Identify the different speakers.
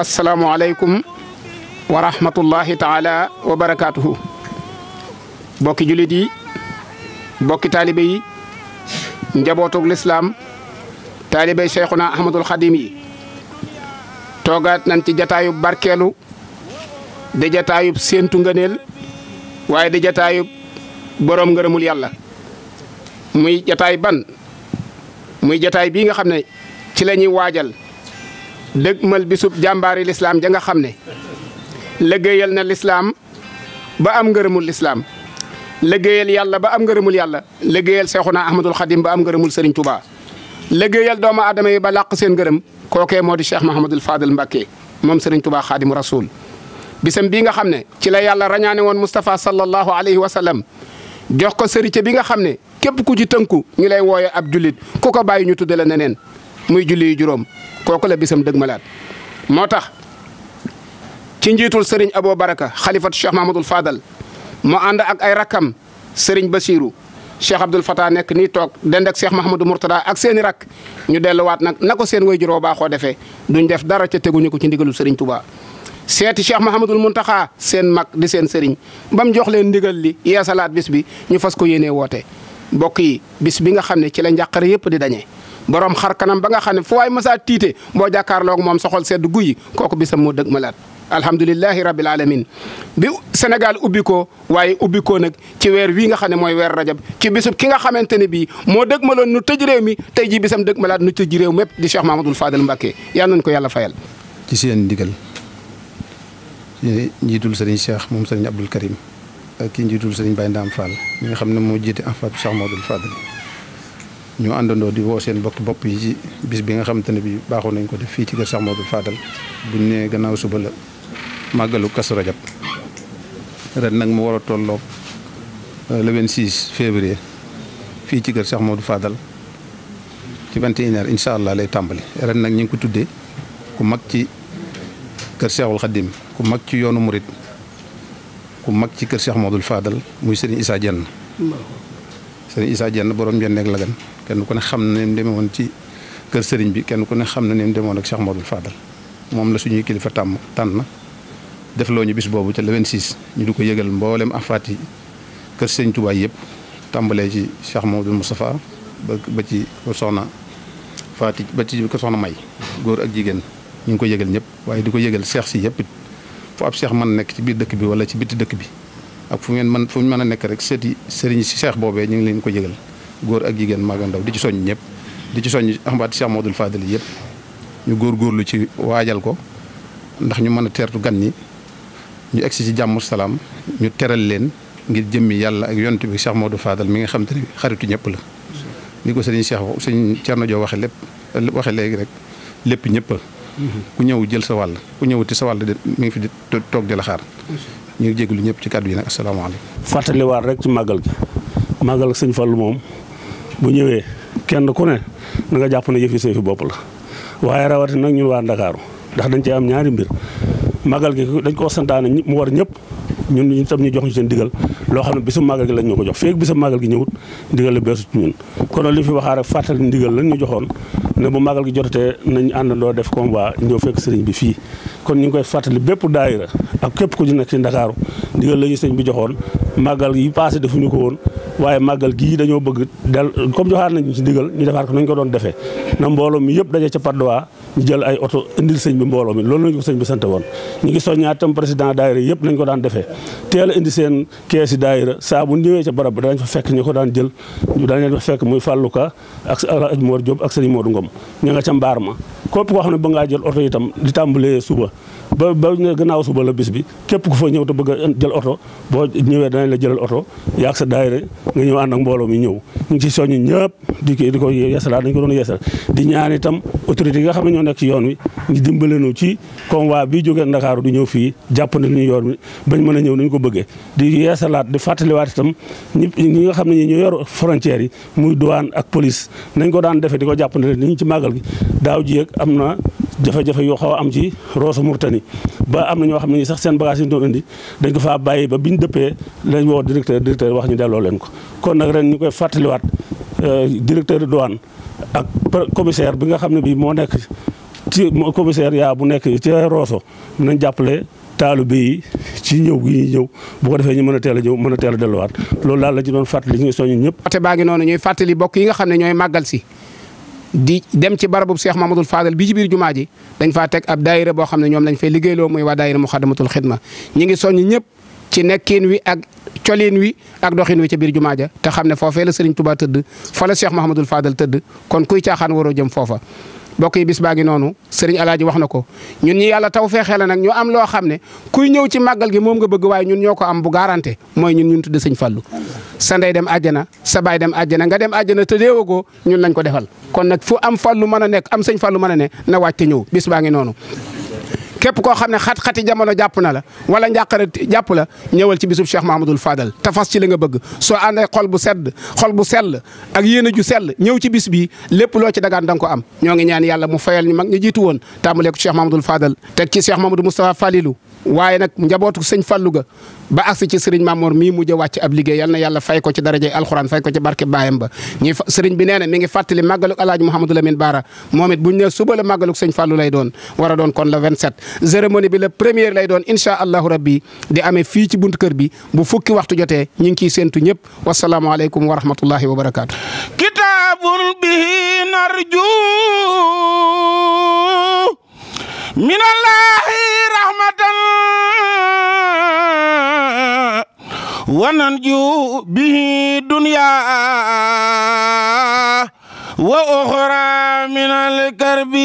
Speaker 1: asalaamualeykum wa rahmatullahi taala wa barakaatuhu bokki jullit yi bokki taalibe yi njabootug lislaam taalibe Cheikhuna Ahmadul Xadim yi toogaat nañ ci jataayub barkeelu di jataayub séentu ngëneel waaye di jataayub boroom ngërëmul yàlla muy jataay ban muy jataay bii nga xam ne ci la ñuy waajal dëgmal bisub jàmbaari lislaam ja nga xam ne liggéeyal na lislaam ba am ngërëmul lislaam liggéeyal yàlla ba am ngërëmul yàlla liggéeyal Seexuna Ahmadul Xadim ba am ngërëmul Sëriñ Tuubaa liggéeyal doomu adama yi ba làq seen ngërëm kookee moo di Cheikh Mahamadul Fadal Mbacké moom Sëriñ Tuubaa Xaadimu Rasuul bisam bii nga xam ne ci la yàlla rañaane woon Moustapha sallallahu alayhi wa sallam jox ko sërite bi nga xam ne képp ku ci tënku ñu lay wooye ab jullit ku ko bàyyi ñu tudde neneen muy julli yu juróom kooku la bisam dëgg malaat moo tax ci njiitul sëriñ Abo Baraka xalifatu Cheikh Mahamadul Fadal mu ànd ak ay rakkam sëriñ Basiiru Cheikh Abdoul Fatah nekk ni toog dend ak Cheikh Mahamadou Mourtada ak seen rakk ñu delluwaat nag na ko seen way juróom baaxoo defee duñ def dara ca teguñu ko ci ndigalu sëriñ Touba. seeti Cheikh Mahamadul Muntaxaa seen mag di seen sëriñ ba mu jox leen ndigal li yeesalaat bis bi ñu fas ko yéenee woote mbokk yi bis bi nga xam ne ci la njàqare yëpp di dañee. borom xar kanam ba nga xam ne foo waay masaa tiite boo jàkkaarloog moom soxol sedd guyi kooku bisam moo dëg malaat alhamdulilahi rabil alamin bi Sénégal ubbi ko waaye ubbi ko nag ci weer wii nga xam ne mooy weer rajab ci bisub ki nga xamante ne bii moo dëg maloon nu tëj réew mi tey ji bisam dëg malaat nu tëj réew mépp di Cheikh Mahamadoul Fadal Mbacké yal nañ ko yàlla fayal
Speaker 2: ci seen ndigal njiitul sëriñ Cheikh moom sëriñ Abdoul Karim ak ki njiitul sëriñ Baye Ndam Fall mi xam ne moo jiite en fait Cheikh Mahamadoul Fadal ñu àndandoo di woo seen bokki bopp yi ci bis bi nga xamante ne bi baaxoon nañ ko def fii ci kër Cheikh Modou bu ñu nee gannaaw suba la màggalu Kazu Rajab ren nag mu war a tolloog euh, le 26 février fii ci kër Cheikh Modou Fadal ci 21 incha allah lay tàmbali ren nag ñu ngi ko tuddee ku mag ci kër ku mag ci yoonu murit ku mag ci kër Cheikh Modou Fadal muy Serigne Issa Dieng sëriñ Issa Dieng borom Dieng ak Lagane kenn ko ne xam na ne demee woon ci kër sëriñ bi kenn ku ne xam na ne demoon ak Cheikh Modou Fadal moom la suñuy kilifa tàmm tànn defloo ñu bis boobu ca le 26 ñu di ko yëgal mboolem afaat yi kër sëriñ yëpp tàmbalee ci Cheikh Modou Moustapha ba ba ci ko soxna faati ba ci ko soxna May góor ak jigéen ñu ngi ko yëgal ñëpp waaye di ko yëgal seex si yëpp fu ab seex man nekk ci biir dëkk bi wala ci biti dëkk bi. ak fu ngeen mën fu mën a nekk rek seeti sëriñ si seex boobee ñu ngi leen ko jégal góor ak jigéen mag ak ndaw di ci soññ ñëpp di ci soññ axambaati Cheikh Modou Fadel yëpp ñu góor góorgóorlu ci waajal ko ndax ñu mën a teertu gan ñi ñu egsi ci jàmm salaam ñu teral leen ngir jëmmi yàlla ak yonent bi Cheikh Modou Fadel mi nga xam te xaritu ñëpp la ni ko sëriñ Cheikh sëriñ na joo waxe lépp waxe léegi rek lépp ñëpp ku ñëw jël sa wàll ku ñëwati sa wàll de mi ngi fi di toog di la xaar
Speaker 3: ñu ngi jégalu ñëpp ci kàddu yi nag fàttali fàttaliwaat rek ci màggal gi màggal sëñ Fallou moom bu ñëwee kenn ku ne na jàpp ne yëfi sëñ fi bopp la waaye rawatina nag ñun waa Ndakaaru ndax dañ ci am ñaari mbir màggal gi dañ koo santaane mu war ñëpp. ñun ñu tam ñu jox ñu seen digal loo xam ne bisu màggal gi lañ ñu ko jox feeg bisu màggal gi ñëwut ndigal la beesu ci ñun kon li fi waxaa rek fàttali ndigal lañ ñu joxoon ne bu màggal gi jotatee nañ àndandoo def combat ñëw fekk sëriñ bi fii kon ñu ngi koy fàttali bépp daayira ak képp ku ñu nekk ci Ndakaaru ndigal la ñu sëriñ bi joxoon màggal yi passé defuñu ko woon waaye màggal gii dañoo bëgg del comme joxaat nañ ci ndigal ñu defaat ko nañ ko doon defee na mbooloo mi yëpp daje ca Padoa ñu jël ay oto indil sëñ bi mbooloo mi loolu lañ ko sëñ bi sant woon ñu ngi soññaat tam président daayira yëpp nañ ko daan defee teel a indi seen kees yi daayira saa ñëwee ca barab ba daañu fa fekk ñu ko daan jël ñu daan leen fa fekk muy fàlluka ak ak Mor Diop ak Serigne Modou Ngom nga ba ngaa jël oto itam ba ba gannaaw suba la bis bi képp ku a jël oto ñëwee danañ la jëlal oto yaag sa daayira nga ñëw ànd ak mbooloo mi ñëw ñu ngi ci soññu ñëpp di ko di ko yeesalaat dañ ko doon yeesal di ñaan itam autorité yi nga xam ne ñoo nekk ci yoon wi ñu dimbale nu ci convoi bi jógee Ndakaaru di ñëw fii jàpp ne yoon wi bañ mën a ñëw nañ ko bëggee di yeesalaat di fàttaliwaat itam ñi ñi nga xam ne ñi ñu yor frontières yi muy douane ak police nañ ko daan defee di ko jàppandale ni ci màggal gi daaw ji yëg am na jafe-jafe yoo xaw a am ci Rosso Mauritanie ba am na ñoo xam ne ñi sax seen bagage yi ñu doon indi dañ ko faa bàyyi ba biñ dëppee lañ woo directeur directeur wax ñu delloo leen ko kon nag ren ñu koy fàttaliwaat euh, directeur de douane ak commissaire bi nga xam ne bii moo nekk ci commissariat bu nekk ci Rosso nañ jàppale taalu bi ci ñëw gi ñëw bu ko defee ñu mën a teel a ñëw mën a teel a delluwaat loolu daal la ci doon fàttali ñu ngi soññu ñëpp ote baa ngi noonu
Speaker 1: ñooy fàttali bokk yi nga xam ne ñooy màggal si di ci barabub Cheikh Mamadou Fadel bi ci dañ faa teg ab daayira boo xam ne ñoom lañ fay liggéeyloo muy waa daayira Muxaddamatul Xidma ñi ngi soññ ñëpp ci nekkin wi ak colin wi ak doxin wi ca biir jumaa ja te xam ne foofee la Serigne Touba tëdd fa la Cheikh Mahamadul Fadal tëdd kon kuy caaxaan waroo jëm foofa mbokk yi bis baa noonu sëriñ alaaji wax na ko ñun ñi yàlla taw feexee la nag ñu am loo xam ne kuy ñëw ci màggal gi moom nga bëgg waaye ñun ñoo ko am bu garanté mooy ñun ñun tudde sëñ Fallou sa ndey dem àjjana sa baay dem àjjana nga dem àjjana te ko ñun lañ ko defal kon nag fu am Fallou mën a nekk am sëñ Fallou mën a ne na wàcc ñëw bis baa ngi noonu képp koo xam ne xat-xati jamono jàpp na la wala njàqare jàpp la ñëwal ci bisub Cheikh Mahamadul Fadal te fas ci li nga bëgg soo àndee xol bu sedd xol bu sell ak yéene ju sell ñëw ci bis bi lépp loo ci dagaan da am ñoo ngi ñaan yàlla mu fayal ñu mag ñu jiitu woon tàmbalee ko Cheikh Mahamadul Fadal teg ci Cheikh Mahamadou Moustapha Falilou waaye nag njabootu sëñ Fallou ba agsi ci sëriñ Mamor mii mujj a wàcc ab liggéey yal ci daraje alxuraan fay ko ci barke baayam ba ñuy bi nee na mi ngi fàttali màggaluk alaaji Baara moom bu ñu nee suba la màggaluk lay doon war doon kon le 27 cérémonie bi le premier lay doon incha allahu rabbi di amee fii ci kër bi bu fukki waxtu jotee ñu ngi ciy séentu ñëpp wasalaamaaleykum wa rahmatullahi وننجو به دنيا وأخرى من الكرب